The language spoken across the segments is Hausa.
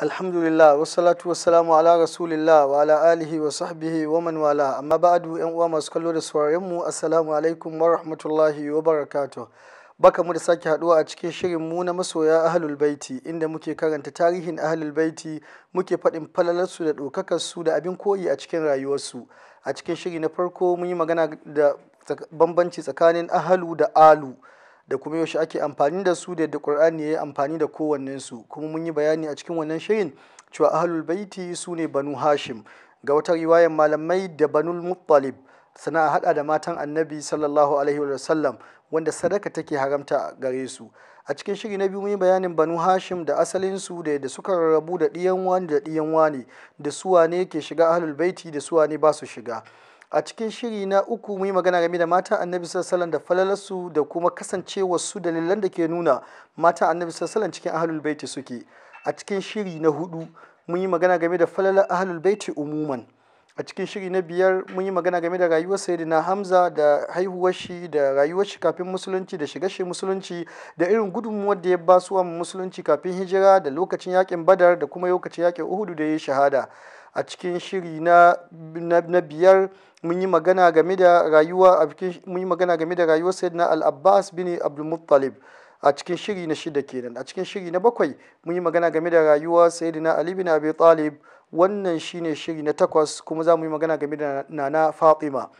alhamdulillah wasalatu wasalamu ala rasulillah wa ala alihi wa sahbihi wa man wala amma ba'adu yan uwa masu kallo da sauraron mu assalamu alaikum wa rahmatullahi wa barakatuh baka mu da sake haduwa a cikin shirin mu na masoya ahlul baiti inda muke karanta tarihin ahlul baiti muke faɗin falalarsu da su da abin koyi a cikin rayuwarsu a cikin shiri na farko mun yi magana da bambanci tsakanin ahalu da alu da kuma yaushe ake amfani da su da yadda Qur'ani ya yi amfani da su kuma mun yi bayani a cikin wannan shirin cewa ahlul baiti su ne banu hashim ga wata riwayar malamai da banul muttalib sana'a hada da matan annabi sallallahu alaihi wa sallam wanda sadaka take haramta gare su a cikin shiri na biyu mun yi bayanin banu hashim da asalinsu da yadda suka rarrabu da ɗiyan wani da ɗiyan wani da suwa ne ke shiga ahlul baiti da suwa ne ba su shiga a cikin shiri na uku mu yi magana game da matan annabi sallallahu da falalarsu da kuma kasancewarsu dalilan da ke nuna mata annabi sallallahu cikin ahlul baiti suke a cikin shiri na hudu mun yi magana game da falalar ahlul baiti umuman a cikin shiri na biyar mun yi magana game da rayuwar sayyidina hamza da haihuwar shi da rayuwar shi kafin musulunci da shiga shi musulunci da irin gudunmuwar da ya ba su musulunci kafin hijira da lokacin yakin badar da kuma lokacin yakin uhudu da ya shahada a cikin shiri na, biyar mun yi magana game da rayuwa a cikin mun yi magana game da rayuwar sayyidina al-abbas bin abdulmuttalib a cikin shiri na shida kenan a cikin shiri na bakwai mun yi magana game da rayuwar sayyidina ali bin abi talib wannan shine shiri na takwas kuma za mu yi magana game da nana fatima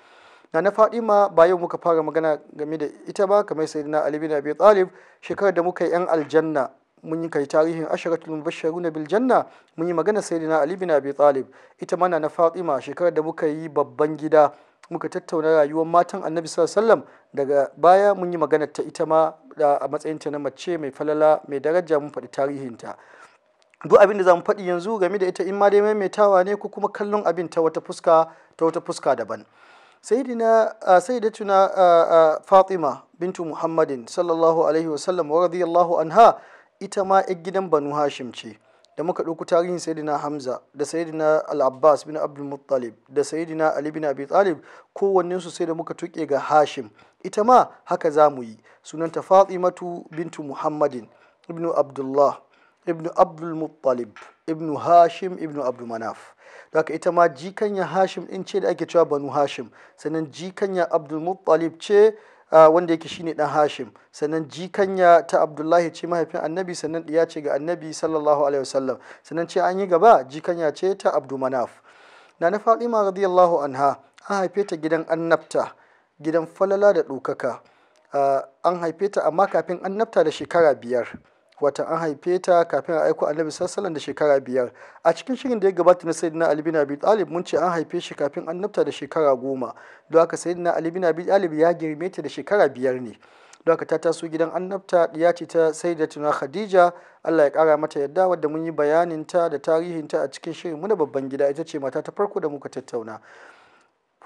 Nana Fadima ba yau muka fara magana game da ita ba kamar Sayyidina Ali bin Abi Talib shekarar da muka yi 'yan aljanna mun yi kai tarihin asharatul mubashshiruna bil janna mun yi magana sayyidina ali bin abi talib ita mana na fatima shekarar da muka yi babban gida muka tattauna rayuwar matan annabi sallallahu alaihi daga baya mun yi magana ta ita ma a matsayinta na mace mai falala mai daraja mun faɗi tarihin ta duk abin da zamu faɗi yanzu game da ita in ma dai maimaitawa ne ko kuma kallon abin ta wata fuska ta wata fuska daban sayyidina sayyidatuna fatima bintu muhammadin sallallahu alaihi wasallam wa radiyallahu anha ita ma 'yar gidan Banu Hashim ce. Da muka ɗauku tarihin sayidina Hamza da sayidina al bin Abdul Muttalib da sayidina Ali bin Abi Talib kowannensu sai da muka tuke ga Hashim. Ita ma haka za mu yi. Sunanta Fatimatu bintu Muhammadin ibn Abdullah ibn Abdul Muttalib ibn Hashim ibn Abdul Manaf. daga ita ma jikanya Hashim ɗin ce da ake cewa Banu Hashim sannan jikanya Abdul Muttalib ce wanda yake shine dan Hashim sannan jikanya ta Abdullahi ce mahaifin Annabi sannan diya ce ga Annabi sallallahu alaihi wasallam sannan ce an yi gaba jikanya ce ta Abdul Manaf na na Fatima radiyallahu anha an haife ta gidan annabta gidan falala da ɗaukaka an haife ta amma kafin annabta da shekara biyar wata an haife ta kafin a aiko annabi sallallahu da shekara biyar a cikin shirin da ya gabata na sayyidina ali bin abi talib mun ce an haife shi kafin annabta da shekara goma don haka sayyidina ali bin abi talib ya girme ta da shekara biyar ne don haka ta taso gidan annabta ya ce ta sayyidatuna khadija Allah ya kara mata yadda wadda mun yi bayanin ta da tarihin ta a cikin shirin mu na babban gida ita ce mata ta farko da muka tattauna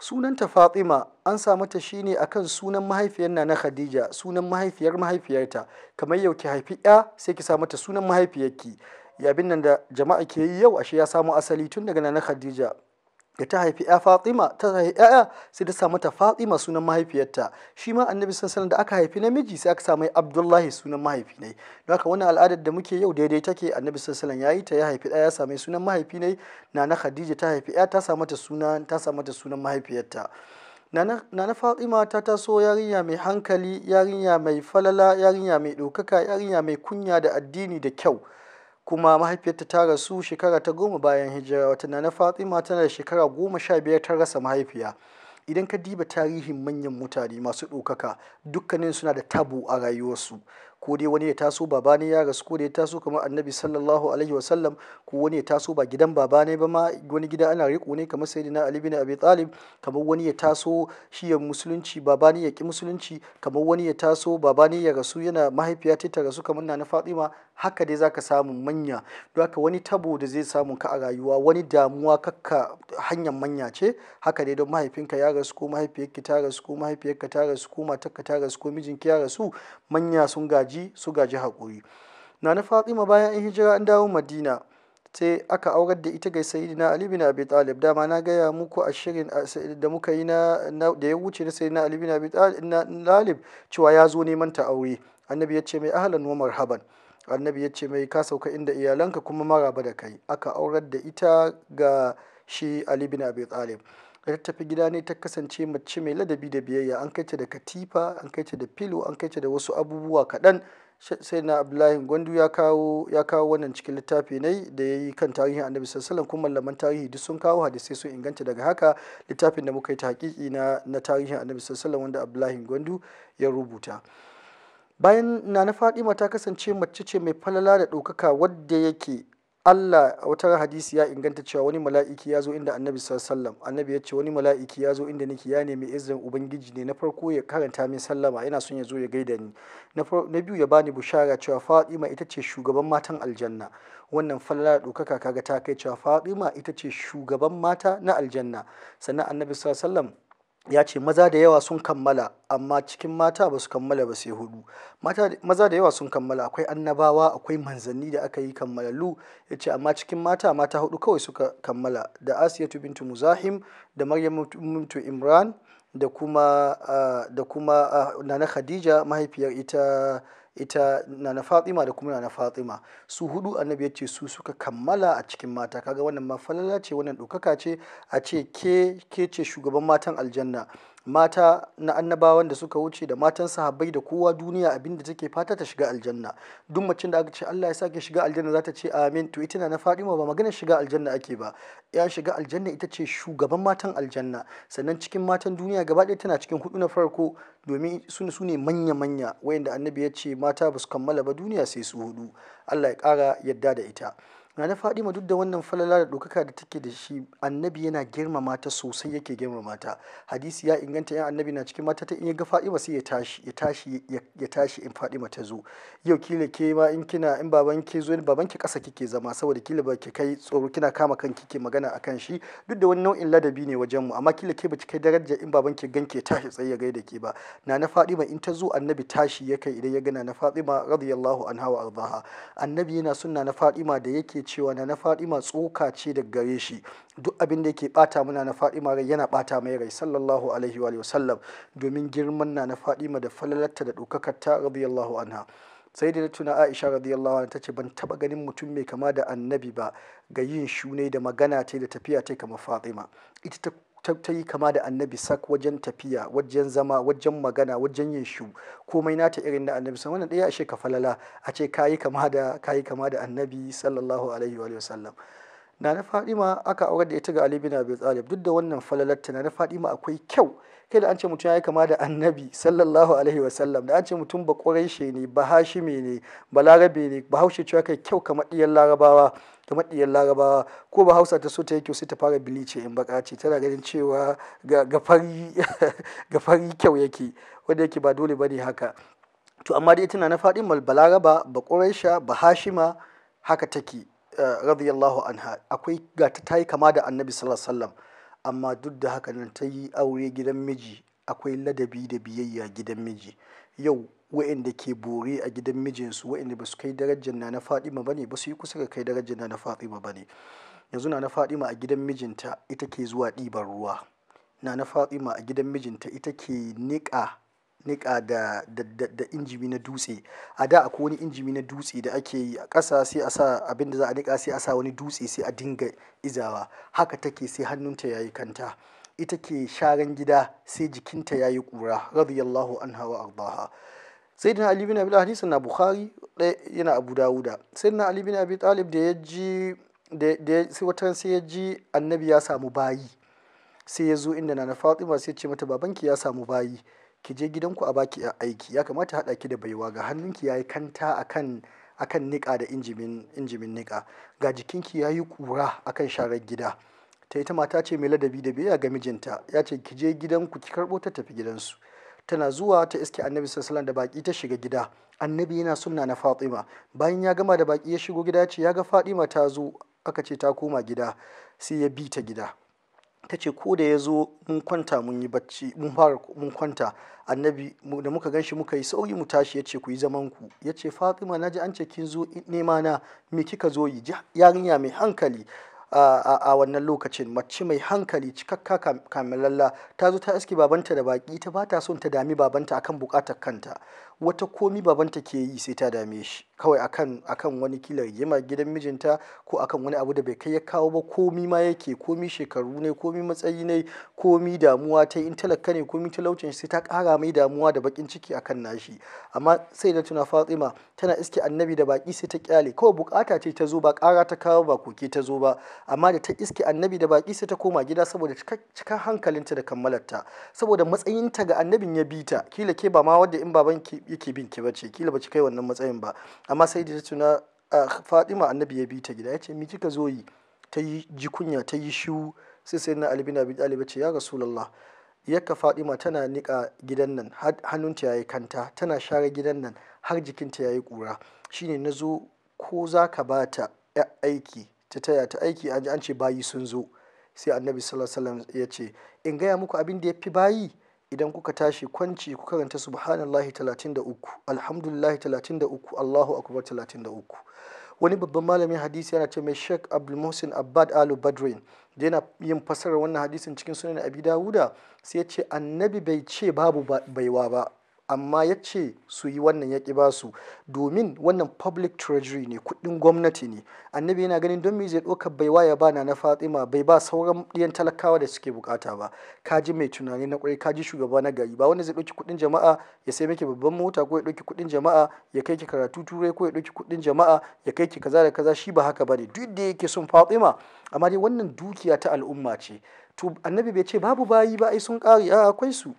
sunanta fatima an samu ta shine akan sunan mahaifiyar na khadija sunan mahaifiyar mahaifiyarta kamar yau ki haifi ya sai ki samu ta sunan mahaifiyarki yabin nan da jama'a ke yi yau ashe ya samo asali tun daga nana khadija da ta haifi ya Fatima ta haifi ya'ya sai ta samu ta Fatima sunan mahaifiyarta shi ma annabi sansanin da aka haifi namiji sai aka samu Abdullahi sunan mahaifi ne don haka wannan al'adar da muke yau daidai take annabi ya yi ta ya haifi ya same sunan mahaifi ne na Khadija ta haifi ya ta samu ta sunan ta samu ta sunan mahaifiyarta Nana Fatima ta taso yarinya mai hankali, yarinya mai falala, yarinya mai ɗaukaka, yarinya mai kunya da addini da kyau. kuma mahaifiyarta ta rasu shekara ta goma bayan hijira wata na fatima tana da shekara goma sha biyar ta rasa mahaifiya idan ka diba tarihin manyan mutane masu ɗaukaka dukkanin suna da tabo a rayuwarsu ko dai wani ya taso baba ne ya rasu ko dai ya taso kamar annabi sallallahu alaihi wasallam ko wani ya taso ba gidan baba ne ba ma wani gida ana riko ne kamar sayyidina ali bin abi talib kamar wani ya taso shi ya musulunci baba ne ya ki musulunci kamar wani ya taso baba ne ya rasu yana mahaifiya ta rasu kamar na fatima haka dai zaka samu manya don haka wani tabo da zai samu ka a rayuwa wani damuwa kakka hanyar manya ce haka dai don mahaifinka ya rasu ko mahaifiyarki ta rasu ko mahaifiyarka ta rasu ko matarka ta rasu ko mijinki ya rasu manya sun gaji gaji su gaji haƙuri na na fatima bayan in hijira an dawo madina sai aka aurar da ita ga sayyidina ali bin abi talib dama na gaya muku a shirin da muka yi na da ya wuce na sayyidina ali bin abi talib cewa ya zo neman ta aure annabi ya ce mai ahlan wa marhaban annabi ya ce mai ka sauka inda iyalanka kuma maraba da kai aka aurar da ita ga shi ali bin abi talib da ta tafi gida ne ta kasance mace mai ladabi da biyayya an kai ta da katifa an kai ta da filo an kai ta da wasu abubuwa kaɗan sai na abdullahi gwandu ya kawo ya kawo wannan cikin littafi ne da ya yi kan tarihin annabi sallallahu kuma malaman tarihi duk sun kawo hadisai sun inganta daga haka littafin da muka yi ta hakiki na na tarihin annabi sallallahu wanda abdullahi gwandu ya rubuta bayan nana fadima ta kasance mace ce mai falala da ɗaukaka wadda yake Allah a wata hadisi ya inganta cewa wani mala'iki ya zo inda annabi sallam annabi ya ce wani mala'iki ya zo inda nake ya nemi izinin ubangiji ne na farko ya karanta min sallama yana son ya zo ya gaida ni na biyu ya bani bushara cewa fatima ita ce shugaban matan aljanna wannan falala ɗaukaka kaga ta kai cewa fatima ita ce shugaban mata na aljanna sannan annabi sallam ya ce maza da yawa sun kammala amma cikin mata ba su kammala ba sai hudu maza da yawa sun kammala akwai annabawa akwai manzanni da aka yi kammalalu ya ce amma cikin mata mata hudu kawai suka kammala da asiyatu bintu muzahim da maryam bintu imran da kuma ah, da kuma ah, nana khadija mahaifiyar ita ita na na fatima da kuma na fatima su hudu annabi ya ce su suka kammala a cikin mata kaga wannan ma falala ce wannan ɗaukaka ce a ce ke ke ce shugaban matan aljanna mata na annabawan da suka wuce da matan sahabbai da kowa duniya abinda take fata ta shiga aljanna duk macin da aka ce Allah ya sake shiga aljanna za ta ce amin to ita na Fatima ba magana shiga aljanna ake ba ya shiga aljanna ita ce shugaban matan aljanna sannan cikin matan duniya gaba ɗaya tana cikin hudu na farko domin su ne manya-manya wayanda annabi ya ce mata ba su kammala ba duniya sai su hudu Allah ya kara yadda da ita Nana Fadima duk da wannan falala da ɗaukaka da take da shi annabi yana girmama ta sosai yake girmama mata hadisi ya inganta yan annabi na cikin mata ta in ya ga Fadima sai ya tashi ya tashi ya in ta zo yau kila ke ma in kina in baban ke zo baban ki ƙasa kike zama saboda kila ba ki kai tsoro kina kama kan kike magana akan shi duk da wani nau'in ladabi ne wajen mu amma kila ke baki kai daraja in baban ki ganke tashi tsaye ya gaida ke ba na Nana Fadima in ta zo annabi tashi yake idan ya ga Nana Fadima radiyallahu anha wa ardaha annabi yana sunna na ma da yake cewa na na Fatima tsoka ce da gare shi duk abin da yake bata muna na Fatima rai yana bata mai rai sallallahu alaihi wa sallam domin girman na na Fatima da falalarta da ta radiyallahu anha sai da tuna aisha radiyallahu anha tace ban taba ganin mutum mai kama da annabi ba ga yin shune da magana ta da tafiya ta kama fatima ita ta ta yi kama da annabi sak wajen tafiya wajen zama wajen magana wajen yin shu komai nata irin na annabi sallallahu wannan ɗaya ashe ka falala a ce kayi kama da kayi kama da annabi sallallahu alaihi wa sallam na na fadima aka aure da ita ga ali bin abi talib duk da wannan falalar ta na na ma akwai kyau kai da an ce mutum ya yi kama da annabi sallallahu alaihi wa sallam da an ce mutum ba ƙuraishe ne ba hashime ne ba larabe ne ba haushe cewa kai kyau kamar ɗiyan larabawa ta maɗiyar laraba ko ba hausa ta so ta yi kyau sai ta fara bilice in bakaci tana ganin cewa ga fari kyau yake wanda yake ba dole ba ne haka to amma dai tana na faɗin balaraba ba ƙuraisha ba hashima haka take eh, radiyallahu anha akwai ga ta tayi kama da annabi sallallahu alaihi wasallam amma duk da haka nan ta yi aure gidan miji akwai ladabi da biyayya gidan miji yau wa'inda ke bore a gidan mijinsu wa'inda ba su kai darajar na na fatima ba ne ba su yi kusa ga kai darajar na na fatima ba ne yanzu na na fatima a gidan mijinta ita ke zuwa ɗiban ruwa na na fatima a gidan mijinta ita ke niƙa niƙa da, da, injimi na dutse a da akwai wani injimi na dutse da ake yi a ƙasa sai a sa abin da za a niƙa sai a sa wani dutse sai a dinga izawa haka take sai hannunta yayi kanta ita ke sharan gida sai jikinta ya yayi kura radiyallahu an hawa ardaha sayyidina ali bin abi talib na bukhari yana abu dawuda sayyidina ali bin abu talib da ya ji sai wata sai ya ji annabi ya samu bayi sai ya zo inda nana fatima sai ce mata babanki ya samu bayi ki je gidanku a baki a aiki ya kamata haɗa ki da baiwa ga hannunki ya yi kanta akan akan niƙa da injimin niƙa ga jikinki ya yi ƙura akan sharar gida ta ita mata ce mai ladabi da biyayya ga mijinta ya ce ki je gidanku ki karbo ta tafi gidansu tana zuwa ta iske annabi sallallahu da baki ta shiga gida annabi yana sunna na fatima bayan ya gama da baki ya shigo gida ya ce ya ga fatima ta zo aka ce ta koma gida sai ya bi ta gida ta ce ko da ya zo mun kwanta mun yi bacci mun fara mun kwanta annabi da muka gan shi muka yi sauyi mu tashi ya ce ku yi zaman ku ce fatima na ji an ce kin zo nema na me kika zo yi yarinya mai hankali a wannan lokacin mace mai hankali cikakka lalla ta zo ta aski babanta da baki ta ba ta son ta dami babanta akan bukatar kanta wata komi babanta ke yi sai ta dame shi kawai akan wani kila rigima gidan mijinta ko akan wani abu da bai kai ya kawo ba komi ma yake komi shekaru ne komi matsayi ne komi damuwa ta in talaka ne komi talaucin sai ta kara mai damuwa da bakin ciki akan nashi amma sai da tuna Fatima tana iske annabi da baki sai ta kyale kawai bukata ce ta zo ba kara ta kawo ba koke ta zo ba amma da ta iske annabi da baki sai ta koma gida saboda cikin hankalinta da kammalarta saboda matsayinta ga annabin ya bita kila ke ba ma wadda in baban ki yake bin ki bace kila bace kai wannan matsayin ba amma sai da tuna Fatima annabi ya bi ta gida yace ce mi kika zo yi ta yi jikunya ta yi shiwu sai sai na albina bin ɗalibai ce ya rasulullah yakka fatima tana nika gidan nan hannunta yayi kanta tana share gidan nan har jikinta yayi kura shine nazo ko zaka bata aiki ta taya ta aiki an ce bayi sun zo sai annabi sallallahu alaihi wasallam ya in gaya muku abin da ya fi bayi idan kuka tashi kwanci ku karanta subhanallahi 33 alhamdulillahi 33 Allahu akbar 33 wani babban malamin hadisi yana ce mai Sheikh Abdul Muhsin Abbad Alu Badrin da yana yin fasarar wannan hadisin cikin sunan Abi Dawuda sai ya ce annabi bai ce babu baiwa ba amma ya ce su yi wannan ya ba su domin wannan public treasury ne kuɗin gwamnati ne annabi yana ganin don me zai ɗauka baiwa ya bana na fatima bai ba sauran diyan talakawa da suke bukata ba kaji mai tunani na kwarai kaji shugaba na gari ba wanda zai ɗauki kuɗin jama'a ya sai miki babban mota ko ya ɗauki kuɗin jama'a ya kai ki karatu turai ko ya ɗauki kuɗin jama'a ya kai ki kaza da kaza shi ba haka bane duk da yake son fatima amma dai wannan dukiya ta al'umma ce to annabi bai ce babu bayi ba ai sun kare a akwai su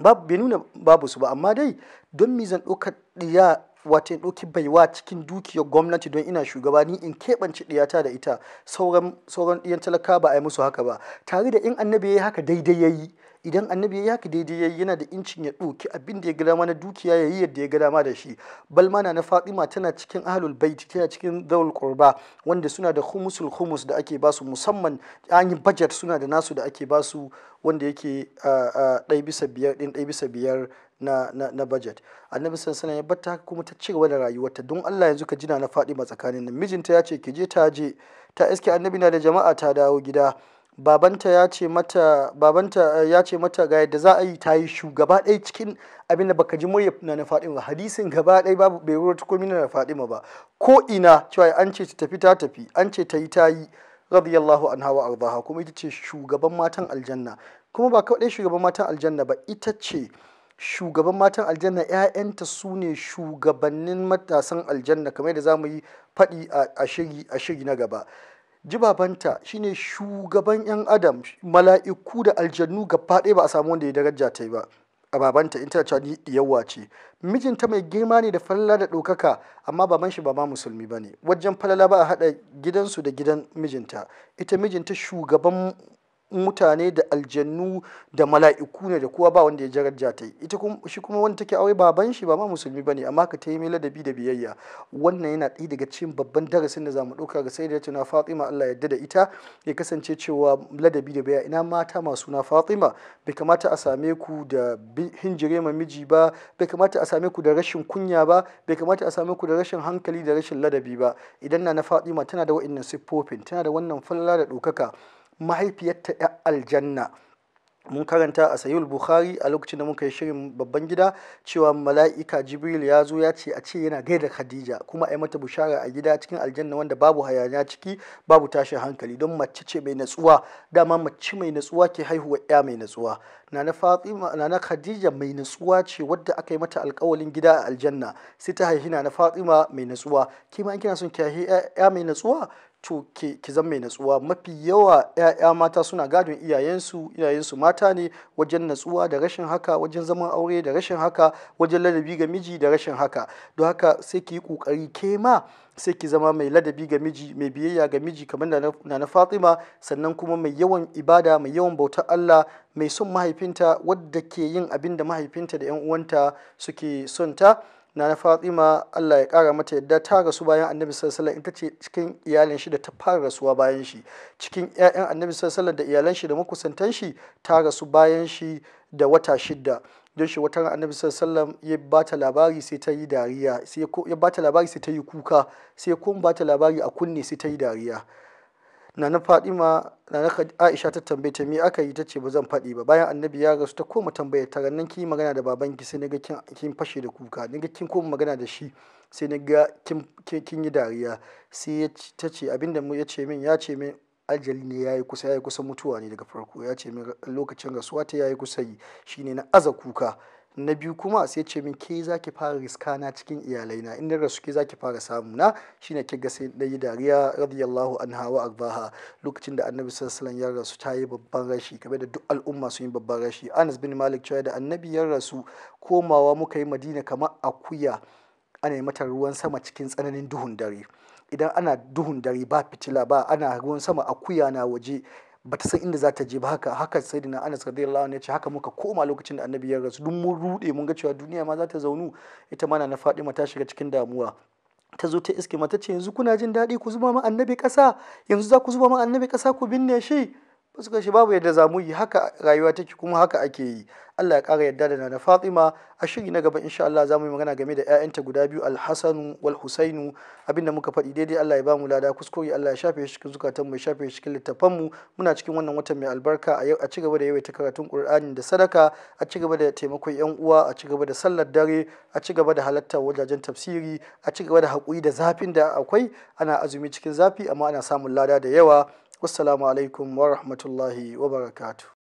babu bai nuna babu su ba amma dai don me zan ɗaukar ɗiya wata ɗauki baiwa cikin dukiyar gwamnati don ina shugaba ni in keɓance ɗiyata da ita sauran sauran ɗiyan talaka ba a yi musu haka ba tare da in annabi ya yi haka daidai ya yi idan annabi ya yaki daidai yayi yana da incin ya ɗauki abin da ya ga dama na dukiya ya yi yadda ya ga dama da shi balmana na fatima tana cikin ahlul bait tana cikin zawul qurba wanda suna da khumusul khumus da ake basu musamman an yi budget suna da nasu da ake basu wanda yake ɗai bisa biyar din ɗai bisa biyar na, na, na budget annabi sansanin ya batta kuma ta ci da rayuwarta don allah yanzu ka jina na faɗi tsakanin nan mijinta ya ce ki je ta je ta iske annabi na da jama'a ta dawo gida babanta ya ce mata babanta eh, ya ga yadda za a yi ta yi shugaba ɗaya cikin abin da baka ji murya na na Fatima hadisin gaba ɗaya babu bai rubuta komai na na Fatima ba ko ina cewa an ce ta tafi ta tafi an ce ta yi ta yi radiyallahu an wa ardaha kuma ita ce shugaban matan aljanna kuma ba kawai shugaban matan aljanna ba ita ce shugaban matan aljanna 'ya'yanta su ne shugabannin matasan aljanna kamar yadda za mu yi faɗi a shiri na gaba jibabanta shine shugaban yan adam mala'iku da aljannu gaba ɗaya ba a samu wanda ya daraja ta yi ba a babanta in tana cewa yawa ce mijinta mai girma ne da falala da ɗaukaka amma baban shi ba ma musulmi ba ne wajen falala ba a haɗa gidansu da gidan mijinta ita mijinta shugaban mutane da aljannu da mala'iku ne da kowa ba wanda ya jarar ta yi ita shi kuma wanda take aure baban shi ba ma musulmi bane amma ka ta yi mai ladabi da biyayya wannan yana ɗaya daga cikin babban darasin da zamu ɗauka ga sayyida na Fatima Allah yarda da ita ya kasance cewa ladabi da biyayya ina mata masu na Fatima bai kamata a same ku da hinjire ma miji ba bai kamata a same ku da rashin kunya ba bai kamata a same ku da rashin hankali da rashin ladabi ba idan na na Fatima tana da wa'annan siffofin tana da wannan falala da ɗaukaka mahaifiyarta ya aljanna mun karanta a sayul bukhari a lokacin da muka yi shirin babban gida cewa mala'ika jibril ya zo ya ce a ce yana gaida khadija kuma a yi mata bushara a gida cikin aljanna wanda babu hayaniya ciki babu tashin hankali don mace ce mai natsuwa dama mace mai natsuwa ke haihuwa ya mai natsuwa nana fatima khadija mai natsuwa ce wadda aka yi mata alkawalin gida a aljanna sai ta haihi na fatima mai natsuwa kima in kina son ki haihi ya mai natsuwa to ki zama mai natsuwa mafi yawa 'ya'ya mata suna gadon iyayensu iyayensu mata ne wajen natsuwa da rashin haka wajen zaman aure da rashin haka wajen ladabi ga miji da rashin haka don haka sai ki yi kokari ke ma sai ki zama mai ladabi ga miji mai biyayya ga miji kamar na na Fatima sannan kuma mai yawan ibada mai yawan bautar Allah mai son mahaifinta wadda ke yin abin da mahaifinta da 'yan uwanta suke son ta na Fatima Allah ya kara mata yadda ta rasu bayan Annabi sallallahu in ta ita ce cikin iyalin shi da ta fara rasuwa bayan shi cikin ƴaƴan Annabi sallallahu da iyalan shi da makusantan shi ta rasu bayan shi da wata shidda don shi wata ran Annabi sallallahu ya ya bata labari sai ta yi dariya sai ya ta labari sai ta yi kuka sai kuma bata labari a kunne sai ta yi dariya nana nana aisha ta tambaye ta me aka yi ta ce ba zan faɗi ba bayan annabi ya rasu ta koma tambaya ta ranar kin magana da ki sai na ga kin fashe da kuka ga kin koma magana da shi sai na ga kin yi dariya sai ta ce abinda mu ya ce min ya ce min ajali ne yayi kusa yayi kusa mutuwa ne daga farko ya ce min lokacin rasuwa ta yayi kusa yi shine na aza kuka na biyu kuma sai ce min ke za ki fara riska na cikin iyalai na inda rasu ke za ki fara samu na shine kiga sai na yi dariya radiyallahu anha a arbaha lokacin da annabi sallallahu ya rasu ta yi babban rashi game da duk al'umma sun yi babban rashi anas bin malik cewa da annabi ya rasu komawa muka yi madina kamar akuya ana yi mata ruwan sama cikin tsananin duhun dare idan ana duhun dare ba fitila ba ana ruwan sama akuya na waje bata san inda za ta je ba haka haka sayyidina Anas radiyallahu anhu yace haka muka koma lokacin da annabi ya rasu duk mun rude mun ga cewa duniya ma za ta zaunu ita mana na ma ta shiga cikin damuwa ta zo ta iske mata ce yanzu kuna jin daɗi ku zuba ma annabi kasa yanzu za ku zuba ma annabi ƙasa ku binne shi ba su gashi babu yadda za mu yi haka rayuwa take kuma haka ake yi Allah ya ƙara yadda da na Fatima a shiri na gaba insha Allah za mu yi magana game da ƴaƴanta guda biyu Al-Hasan wal Husain abinda muka faɗi daidai Allah ya ba mu lada kuskure Allah ya shafe shi cikin zukatan mu ya shafe shi cikin littafan mu muna cikin wannan watan mai albarka a yau a cigaba da yawaita karatun Qur'ani da sadaka a cigaba da taimakon ƴan uwa a cigaba da sallar dare a cigaba da halartar wajajen tafsiri a cigaba da haƙuri da zafin da akwai ana azumi cikin zafi amma ana samun lada da yawa wassalamu alaikum wa rahmatullahi wa barakatu